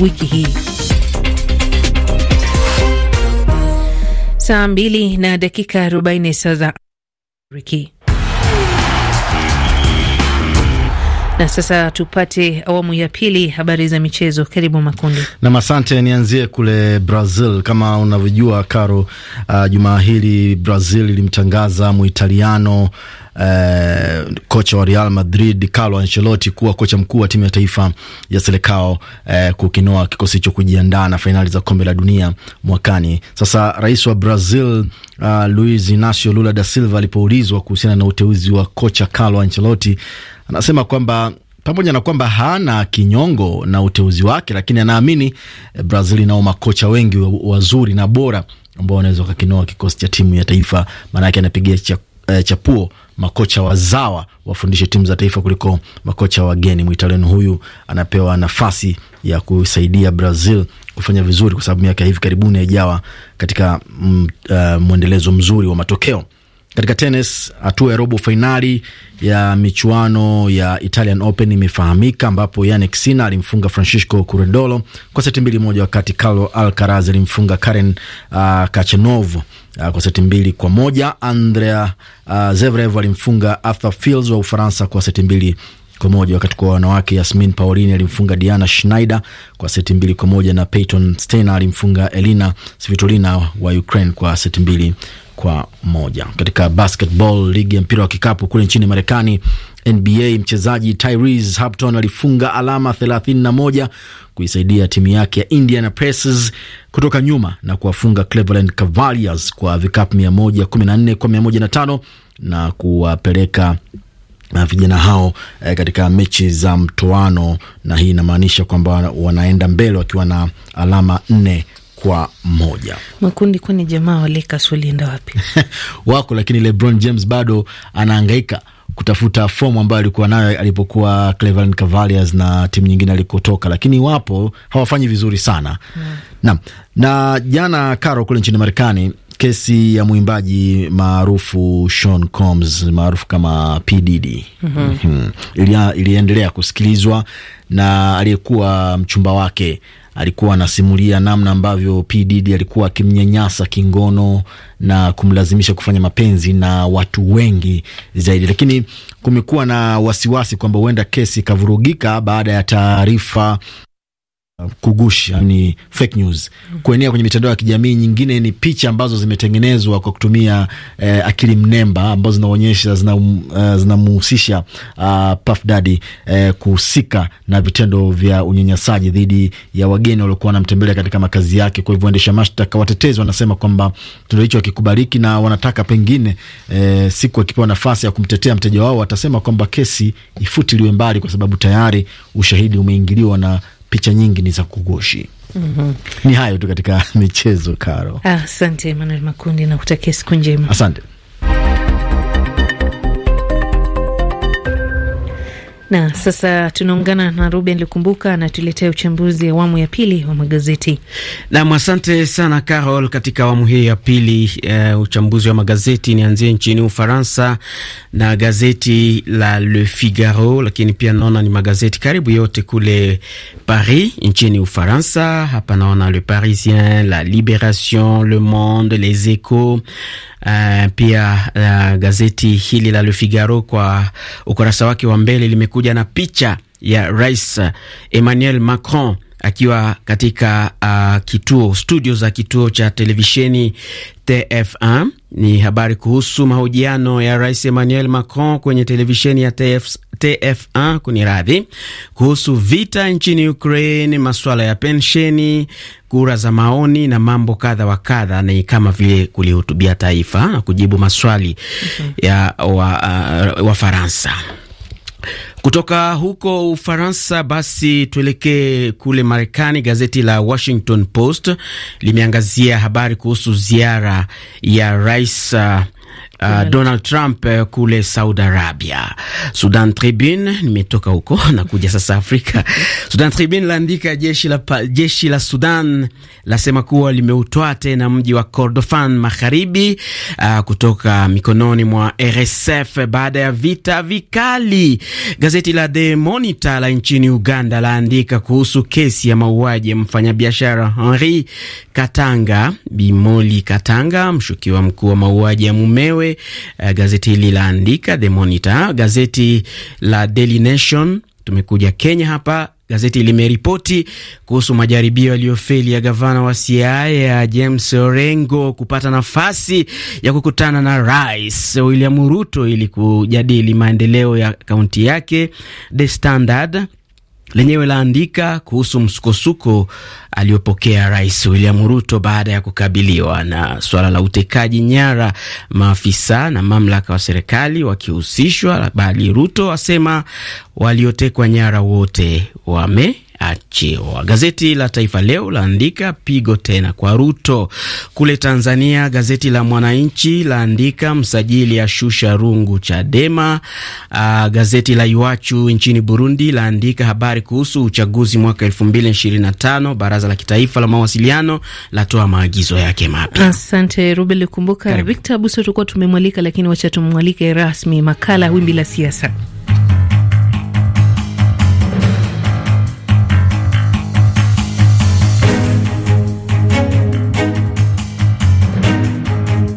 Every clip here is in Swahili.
wiki hii. Saa mbili na dakika arobaini saa za Afrika. Na sasa tupate awamu ya pili, habari za michezo. Karibu Makundi. Nam, asante. Nianzie kule Brazil. Kama unavyojua Karo, uh, jumaa hili Brazil ilimtangaza Muitaliano eh, kocha wa Real Madrid Carlo Ancelotti kuwa kocha mkuu wa timu ya taifa ya Selekao eh, kukinoa kikosi hicho kujiandaa na fainali za kombe la dunia mwakani. Sasa rais wa Brazil uh, ah, Luiz Inacio Lula da Silva alipoulizwa kuhusiana na uteuzi wa kocha Carlo Ancelotti anasema kwamba pamoja na kwamba hana kinyongo na uteuzi wake, lakini anaamini eh, Brazil inao makocha wengi wazuri na bora ambao wanaweza wakakinoa kikosi cha timu ya taifa. Maanake anapigia eh, chapuo makocha wazawa wafundishe timu za taifa kuliko makocha wageni. Mwitaliano huyu anapewa nafasi ya kusaidia Brazil kufanya vizuri, kwa sababu miaka hivi karibuni haijawa katika mm, uh, mwendelezo mzuri wa matokeo. Katika tenis, hatua ya robo fainali ya michuano ya Italian Open imefahamika ambapo Yannick Sinner alimfunga Francisco Curendolo kwa seti mbili moja, wakati Carlo Alcaraz alimfunga Karen uh, Khachanov uh, kwa seti mbili kwa moja. Andrea uh, Zverev alimfunga Arthur Fils wa Ufaransa kwa seti mbili kwa moja wakati kwa wanawake Yasmin Paolini alimfunga Diana Schneider kwa seti mbili kwa moja na Peyton Steiner alimfunga Elina Svitolina wa Ukraine kwa seti mbili kwa moja. Katika basketball, ligi ya mpira wa kikapu kule nchini Marekani, NBA, mchezaji Tyrese Hampton alifunga alama 31 kuisaidia timu yake ya Indiana Pacers kutoka nyuma na kuwafunga Cleveland Cavaliers kwa vikapu 114 kwa 105 na kuwapeleka na uh, vijana hao eh, katika mechi za mtoano, na hii inamaanisha kwamba wanaenda mbele wakiwa na alama nne kwa moja. Makundi, kwani jamaa Lakers walienda wapi? Wako, lakini LeBron James bado anahangaika kutafuta fomu ambayo alikuwa nayo alipokuwa Cleveland Cavaliers na timu nyingine alikotoka, lakini wapo hawafanyi vizuri sana mm. na, na jana Karo kule nchini Marekani kesi ya mwimbaji maarufu Sean Combs maarufu kama P Diddy mm -hmm. mm -hmm. iliendelea kusikilizwa na aliyekuwa mchumba wake alikuwa anasimulia namna ambavyo pdd alikuwa akimnyanyasa kingono na kumlazimisha kufanya mapenzi na watu wengi zaidi, lakini kumekuwa na wasiwasi kwamba huenda kesi ikavurugika baada ya taarifa Uh, kugushi yani fake news kuenea kwenye mitandao ya kijamii. Nyingine ni picha ambazo zimetengenezwa kwa kutumia eh, akili mnemba ambazo zinaonyesha zinamhusisha uh, zina uh, Puff Daddy eh, kuhusika na vitendo vya unyanyasaji dhidi ya wageni waliokuwa wanamtembelea katika makazi yake. Kwa hivyo waendesha mashtaka, watetezi wanasema kwamba kitendo hicho hakikubaliki, na wanataka pengine, eh, siku akipewa nafasi ya kumtetea mteja wao, watasema kwamba kesi ifutiliwe mbali, kwa sababu tayari ushahidi umeingiliwa na picha nyingi ni za kugoshi. Mm -hmm. Ni hayo tu katika michezo, Karo. Asante Emanuel Makundi, na kutakia siku njema. Asante. Na sasa tunaungana na Ruben Lukumbuka anatuletea uchambuzi awamu ya pili wa magazeti. Nam, asante sana Carol. Katika awamu hii ya pili uh, uchambuzi wa magazeti, nianzie nchini Ufaransa na gazeti la Le Figaro, lakini pia naona ni magazeti karibu yote kule Paris nchini Ufaransa. Hapa naona Le Parisien, La Liberation, Le Monde, Les Echos Uh, pia uh, gazeti hili la Le Figaro kwa ukurasa wake wa mbele limekuja na picha ya Rais Emmanuel Macron akiwa katika uh, kituo studio za kituo cha televisheni TF1. Ni habari kuhusu mahojiano ya Rais Emmanuel Macron kwenye televisheni ya TF, TF1 kuni radhi, kuhusu vita nchini Ukraine, masuala ya pensheni, kura za maoni na mambo kadha wa kadha, ni kama vile kulihutubia taifa na kujibu maswali okay, mm-hmm. ya Wafaransa wa uh, kutoka huko Ufaransa basi tuelekee kule Marekani. Gazeti la Washington Post limeangazia habari kuhusu ziara ya rais uh, Uh, Donald Trump uh, kule Saudi Arabia. Sudan Tribune, nimetoka huko kuja sasa Afrika. Sudan Tribune laandika jeshi la, jeshi la Sudan lasema kuwa limeutoa tena mji wa Kordofan Magharibi uh, kutoka mikononi mwa RSF baada ya vita vikali. Gazeti la The Monitor la nchini Uganda laandika kuhusu kesi ya mauaji ya mfanyabiashara Henri Katanga Bimoli Katanga, mshukiwa mkuu wa mauaji ya mumewe mwenyewe. Uh, eh, gazeti hili laandika The Monitor, gazeti la Daily Nation. Tumekuja Kenya hapa, gazeti limeripoti kuhusu majaribio yaliyofeli ya gavana wa Siaya James Orengo kupata nafasi ya kukutana na Rais William Ruto ili kujadili maendeleo ya kaunti yake. The Standard lenyewe laandika kuhusu msukosuko aliyopokea Rais William Ruto baada ya kukabiliwa na suala la utekaji nyara, maafisa na mamlaka wa serikali wakihusishwa, bali Ruto asema waliotekwa nyara wote wame achiwa. Gazeti la Taifa Leo laandika pigo tena kwa Ruto. Kule Tanzania, gazeti la Mwananchi laandika msajili ashusha rungu Chadema. Uh, gazeti la Iwachu nchini Burundi laandika habari kuhusu uchaguzi mwaka 2025. Baraza la Kitaifa la Mawasiliano latoa maagizo yake mapya. Asante Rubel. Kumbuka Victor Abuso tukuwa tumemwalika, lakini wacha tumwalike rasmi makala Wimbi la Siasa.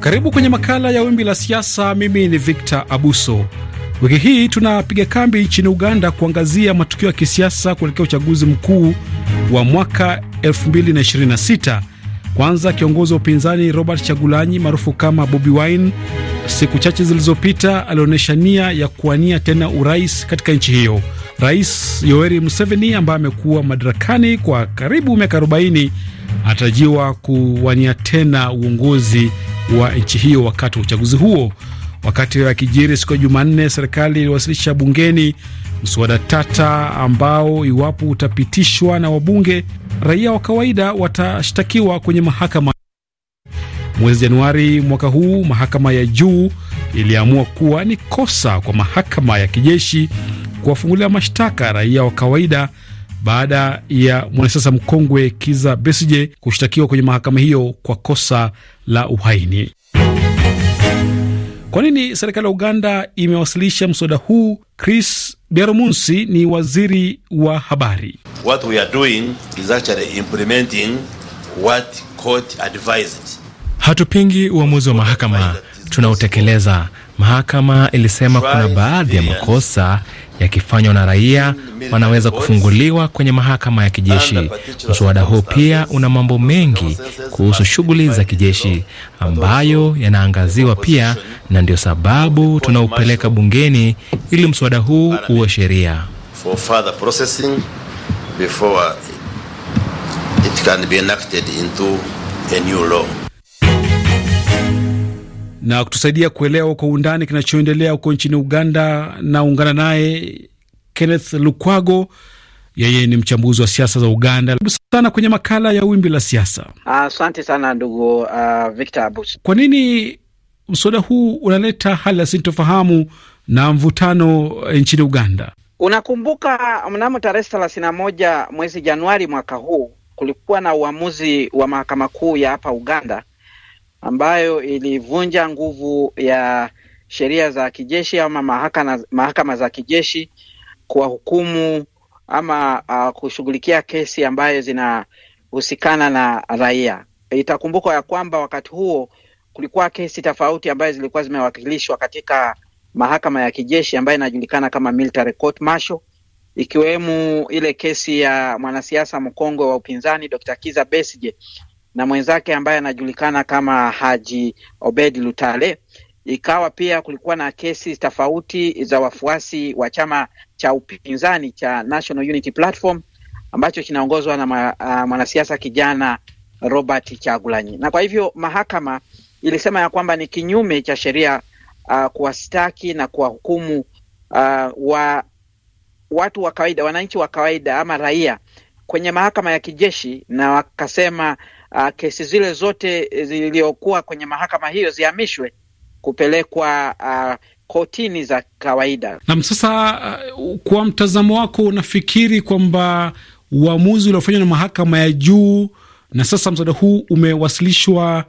Karibu kwenye makala ya wimbi la siasa. Mimi ni Victor Abuso. Wiki hii tunapiga kambi nchini Uganda kuangazia matukio ya kisiasa kuelekea uchaguzi mkuu wa mwaka 2026. Kwanza, kiongozi wa upinzani Robert Chagulanyi maarufu kama Bobi Wine siku chache zilizopita alionyesha nia ya kuwania tena urais katika nchi hiyo. Rais Yoweri Museveni ambaye amekuwa madarakani kwa karibu miaka 40 anatarajiwa kuwania tena uongozi wa nchi hiyo wakati wa uchaguzi huo. Wakati wa kijiri siku ya Jumanne, serikali iliwasilisha bungeni mswada tata ambao iwapo utapitishwa na wabunge, raia wa kawaida watashtakiwa kwenye mahakama. Mwezi Januari mwaka huu, mahakama ya juu iliamua kuwa ni kosa kwa mahakama ya kijeshi kuwafungulia mashtaka raia wa kawaida baada ya mwanasiasa mkongwe Kiza Besije kushtakiwa kwenye mahakama hiyo kwa kosa la uhaini. Kwa nini serikali ya Uganda imewasilisha mswada huu? Chris Biaromunsi ni waziri wa habari. What we are doing is actually implementing what court advised. Hatupingi uamuzi wa mahakama, tunaotekeleza Mahakama ilisema kuna baadhi ya makosa yakifanywa na raia wanaweza kufunguliwa kwenye mahakama ya kijeshi. Mswada huu pia una mambo mengi kuhusu shughuli za kijeshi ambayo yanaangaziwa pia, na ndio sababu tunaupeleka bungeni ili mswada huu uwe sheria. It can be enacted into a new law na kutusaidia kuelewa kwa undani kinachoendelea huko nchini Uganda. Naungana naye Kenneth Lukwago, yeye ni mchambuzi wa siasa za Uganda. Sana kwenye makala ya wimbi la siasa. Asante uh, sana ndugu uh, Victor Abus. Kwa nini mswada huu unaleta hali ya sintofahamu na mvutano eh, nchini Uganda? Unakumbuka mnamo tarehe thelathini na moja mwezi Januari mwaka huu kulikuwa na uamuzi wa mahakama kuu ya hapa Uganda ambayo ilivunja nguvu ya sheria za kijeshi ama mahakama, mahakama za kijeshi kuwahukumu ama uh, kushughulikia kesi ambayo zinahusikana na raia. Itakumbukwa ya kwamba wakati huo kulikuwa kesi tofauti ambayo zilikuwa zimewakilishwa katika mahakama ya kijeshi ambayo inajulikana kama military court martial, ikiwemo ile kesi ya mwanasiasa mkongwe wa upinzani Dr. Kiza Besije na mwenzake ambaye anajulikana kama Haji Obed Lutale. Ikawa pia kulikuwa na kesi tofauti za wafuasi wa chama cha upinzani cha National Unity Platform ambacho kinaongozwa na ma, uh, mwanasiasa kijana Robert Chagulanyi, na kwa hivyo mahakama ilisema ya kwamba ni kinyume cha sheria uh, kuwastaki na kuwahukumu uh, wa watu wa kawaida, wananchi wa kawaida ama raia kwenye mahakama ya kijeshi, na wakasema uh, kesi zile zote eh, zilizokuwa kwenye mahakama hiyo zihamishwe kupelekwa uh, kotini za kawaida. Nam, sasa uh, kwa mtazamo wako unafikiri kwamba uamuzi uliofanywa na mahakama ya juu na sasa mswada huu umewasilishwa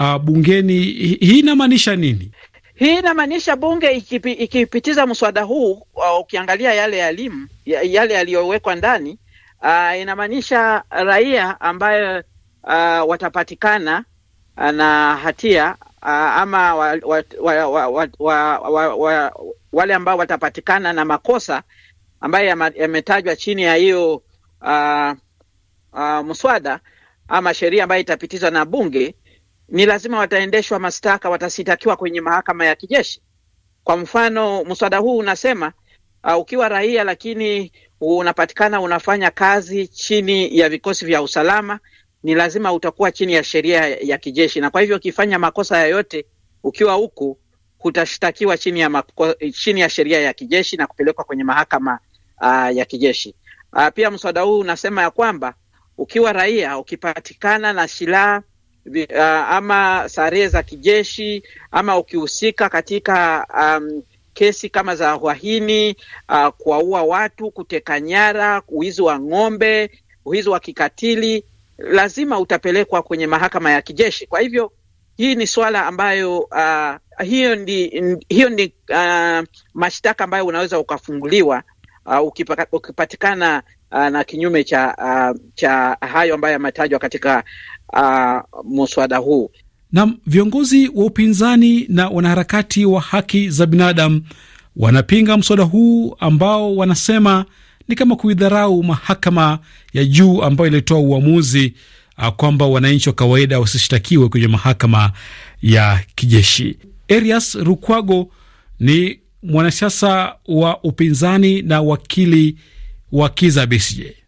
uh, bungeni, hii inamaanisha nini? Hii inamaanisha bunge ikipi, ikipitiza mswada huu uh, ukiangalia yale yalimu, yale yaliyowekwa ndani uh, inamaanisha raia ambayo uh, watapatikana uh, na hatia uh, ama wa, wa, wa, wa, wa, wa, wa, wa, wale ambao watapatikana na makosa ambayo yametajwa chini ya hiyo uh, uh, mswada ama sheria ambayo itapitizwa na bunge ni lazima wataendeshwa mashtaka, watasitakiwa kwenye mahakama ya kijeshi. Kwa mfano, mswada huu unasema uh, ukiwa raia lakini unapatikana unafanya kazi chini ya vikosi vya usalama ni lazima utakuwa chini ya sheria ya kijeshi, na kwa hivyo ukifanya makosa yoyote ukiwa huku utashtakiwa chini ya mako, chini ya sheria ya kijeshi na kupelekwa kwenye mahakama uh, ya kijeshi. Uh, pia mswada huu unasema ya kwamba ukiwa raia ukipatikana na silaha uh, ama sare za kijeshi ama ukihusika katika um, kesi kama za uhaini uh, kuwaua watu, kuteka nyara, uwizi wa ng'ombe, uwizi wa kikatili lazima utapelekwa kwenye mahakama ya kijeshi. Kwa hivyo hii ni swala ambayo uh, hiyo ndi, hiyo ndi uh, mashtaka ambayo unaweza ukafunguliwa uh, ukipa, ukipatikana uh, na kinyume cha, uh, cha hayo ambayo yametajwa katika uh, muswada huu. Nam, viongozi wa upinzani na wanaharakati wa haki za binadamu wanapinga mswada huu ambao wanasema ni kama kuidharau mahakama ya juu ambayo ilitoa uamuzi uh, kwamba wananchi wa kawaida wasishtakiwe kwenye mahakama ya kijeshi. Erias Rukwago ni mwanasiasa wa upinzani na wakili wa Kiza Besigye.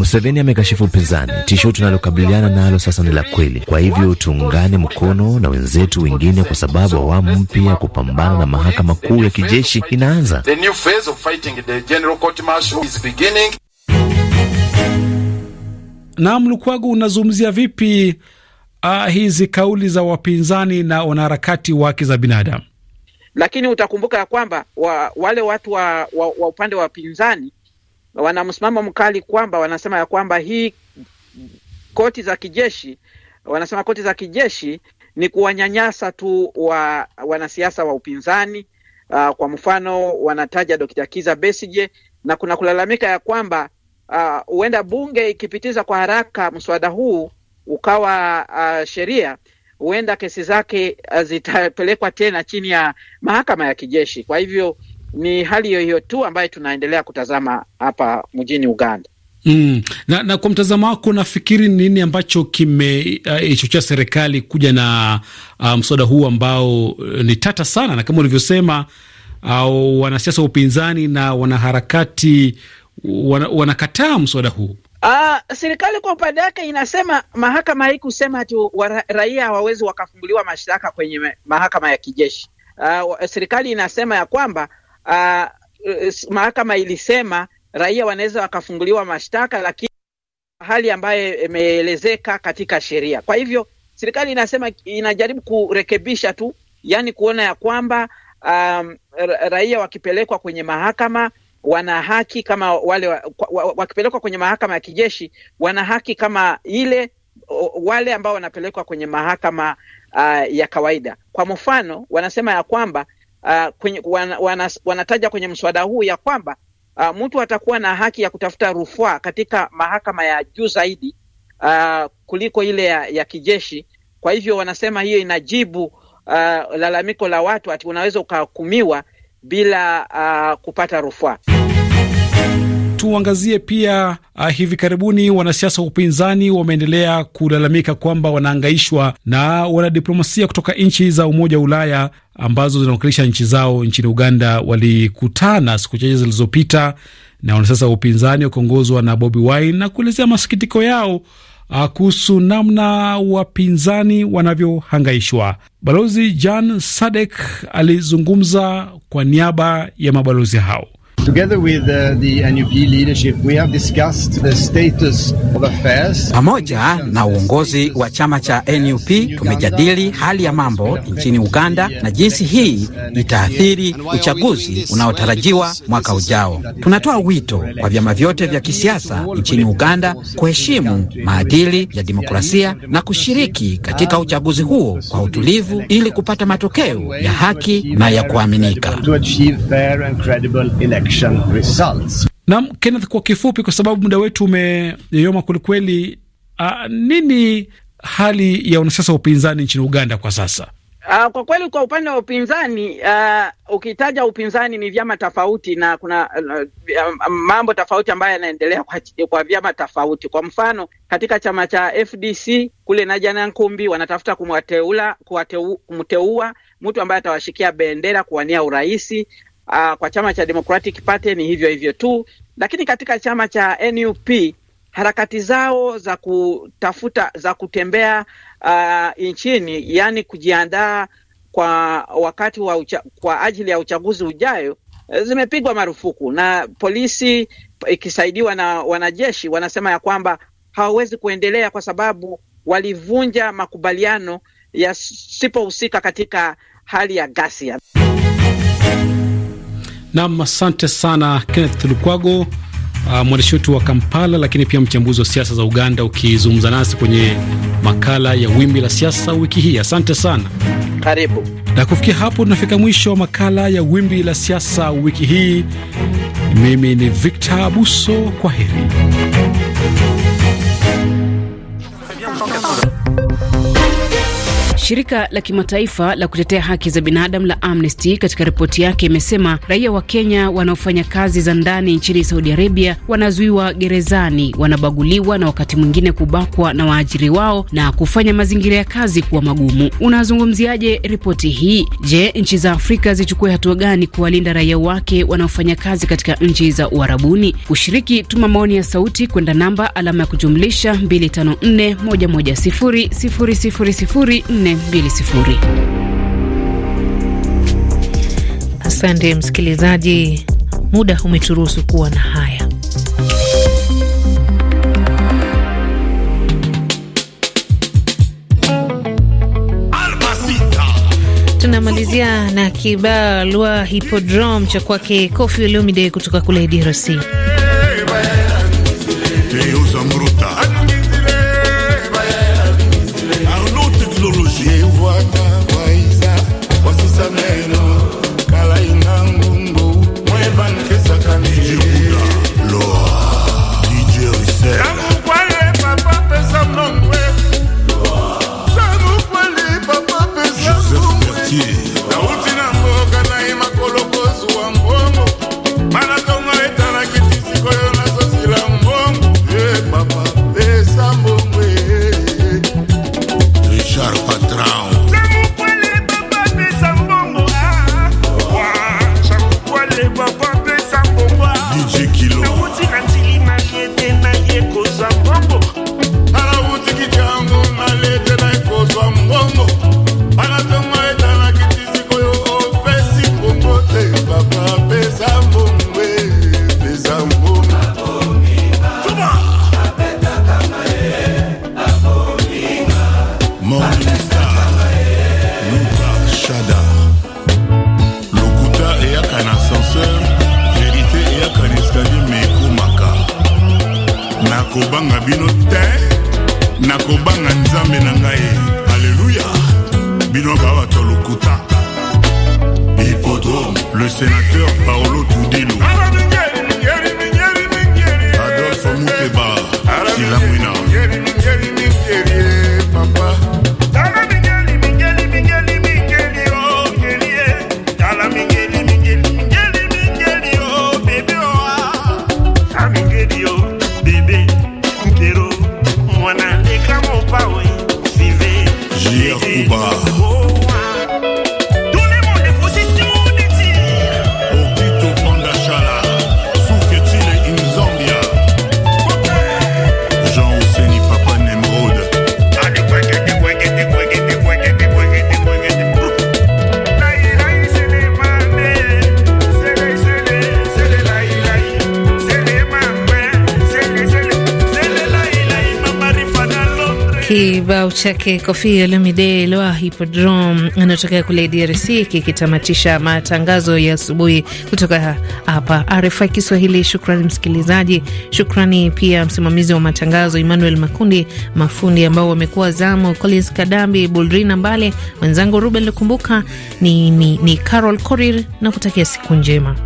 Museveni amekashifu upinzani. Tisho tunalokabiliana nalo sasa ni la kweli, kwa hivyo tuungane mkono na wenzetu wengine, kwa sababu awamu mpya kupambana na mahakama kuu ya kijeshi inaanza. Naam, Lukwagu, unazungumzia vipi ah, hizi kauli za wapinzani na wanaharakati wa haki za binadamu? Lakini utakumbuka ya kwamba wa, wale watu wa, wa, wa upande wa pinzani wana msimamo mkali kwamba wanasema ya kwamba hii koti za kijeshi, wanasema koti za kijeshi ni kuwanyanyasa tu wa wanasiasa wa upinzani. Uh, kwa mfano wanataja dokta Kiza Besije na kuna kulalamika ya kwamba ah, huenda uh, bunge ikipitiza kwa haraka mswada huu ukawa uh, sheria huenda kesi zake eh, zitapelekwa tena chini ya mahakama ya kijeshi. Kwa hivyo ni hali hiyo tu ambayo tunaendelea kutazama hapa mjini Uganda. Mm. Na, na kwa mtazamo wako nafikiri nini ambacho kimeichochea eh, uh, serikali kuja na uh, mswada huu ambao uh, ni tata sana, na kama ulivyosema uh, wanasiasa wa upinzani na wanaharakati wana, wanakataa mswada huu. Uh, serikali kwa upande wake inasema mahakama haikusema ati wa, raia hawawezi wakafunguliwa mashtaka kwenye mahakama ya kijeshi. Uh, serikali inasema ya kwamba uh, mahakama ilisema raia wanaweza wakafunguliwa mashtaka, lakini hali ambayo imeelezeka katika sheria. Kwa hivyo serikali inasema inajaribu kurekebisha tu, yani kuona ya kwamba um, raia wakipelekwa kwenye mahakama wana haki kama wale wakipelekwa wa, wa, wakipelekwa kwenye mahakama ya kijeshi wana haki kama ile wale ambao wanapelekwa kwenye mahakama uh, ya kawaida. Kwa mfano, wanasema ya kwamba uh, kwenye, wana, wana, wanataja kwenye mswada huu ya kwamba uh, mtu atakuwa na haki ya kutafuta rufaa katika mahakama ya juu zaidi uh, kuliko ile ya, ya kijeshi. Kwa hivyo wanasema hiyo inajibu uh, lalamiko la watu ati unaweza ukahukumiwa bila uh, kupata rufaa. Tuangazie pia uh, hivi karibuni wanasiasa wa upinzani wameendelea kulalamika kwamba wanaangaishwa na wanadiplomasia kutoka nchi za Umoja wa Ulaya ambazo zinawakilisha nchi zao nchini Uganda. Walikutana siku chache zilizopita na wanasiasa wa upinzani wakiongozwa na Bobi Wine na kuelezea masikitiko yao uh, kuhusu namna wapinzani wanavyohangaishwa. Balozi Jan Sadek alizungumza kwa niaba ya mabalozi hao. Uh, Pamoja na uongozi wa chama cha NUP tumejadili hali ya mambo nchini Uganda na jinsi hii itaathiri uchaguzi unaotarajiwa mwaka ujao. Tunatoa wito kwa vyama vyote vya kisiasa nchini Uganda kuheshimu maadili ya demokrasia na kushiriki katika uchaguzi huo kwa utulivu ili kupata matokeo ya haki na ya kuaminika election results. Naam, Kenneth, kwa kifupi, kwa sababu muda wetu umeyoyoma kwelikweli, ah, nini hali ya wanasiasa wa upinzani nchini Uganda kwa sasa? Uh, kwa kweli kwa upande wa upinzani uh, ukitaja upinzani ni vyama tofauti na kuna uh, mambo tofauti ambayo yanaendelea kwa, kwa vyama tofauti. Kwa mfano katika chama cha FDC kule Najana Nkumbi wanatafuta kumwateula kumteua mtu ambaye atawashikia bendera kuwania uraisi, Aa, ah, kwa chama cha Democratic Party ni hivyo hivyo tu, lakini katika chama cha NUP harakati zao za kutafuta za kutembea uh, nchini, yaani kujiandaa kwa wakati wa ucha, kwa ajili ya uchaguzi ujayo eh, zimepigwa marufuku na polisi ikisaidiwa na wanajeshi, wanasema ya kwamba hawawezi kuendelea kwa sababu walivunja makubaliano yasipohusika katika hali ya ghasia. Nam, asante sana Kenneth Lukwago, uh, mwandishi wetu wa Kampala, lakini pia mchambuzi wa siasa za Uganda, ukizungumza nasi kwenye makala ya Wimbi la Siasa wiki hii. Asante sana, karibu. Na kufikia hapo, tunafika mwisho wa makala ya Wimbi la Siasa wiki hii. Mimi ni Victor Abuso, kwa heri. Shirika la kimataifa la kutetea haki za binadamu la Amnesty katika ripoti yake imesema raia wa Kenya wanaofanya kazi za ndani nchini Saudi Arabia wanazuiwa gerezani, wanabaguliwa na wakati mwingine kubakwa na waajiri wao na kufanya mazingira ya kazi kuwa magumu. Unazungumziaje ripoti hii? Je, nchi za Afrika zichukue hatua gani kuwalinda raia wake wanaofanya kazi katika nchi za Uarabuni? Kushiriki, tuma maoni ya sauti kwenda namba alama ya kujumlisha 254 110 000 4 20. Asante msikilizaji, muda umeturuhusu kuwa na haya. Tunamalizia na kibao hipodrom cha kwake kofi Olomide kutoka kule DRC. la know. Kibao chake kofi Olomide Lwa Hippodrome anatokea kule DRC kikitamatisha matangazo ya asubuhi kutoka hapa RFI Kiswahili. Shukrani msikilizaji, shukrani pia msimamizi wa matangazo Emmanuel Makundi, mafundi ambao wamekuwa zamu Collins Kadambi, Buldrina Mbale, mwenzangu Ruben Lukumbuka. Ni, ni, ni Carol Korir na kutakia siku njema.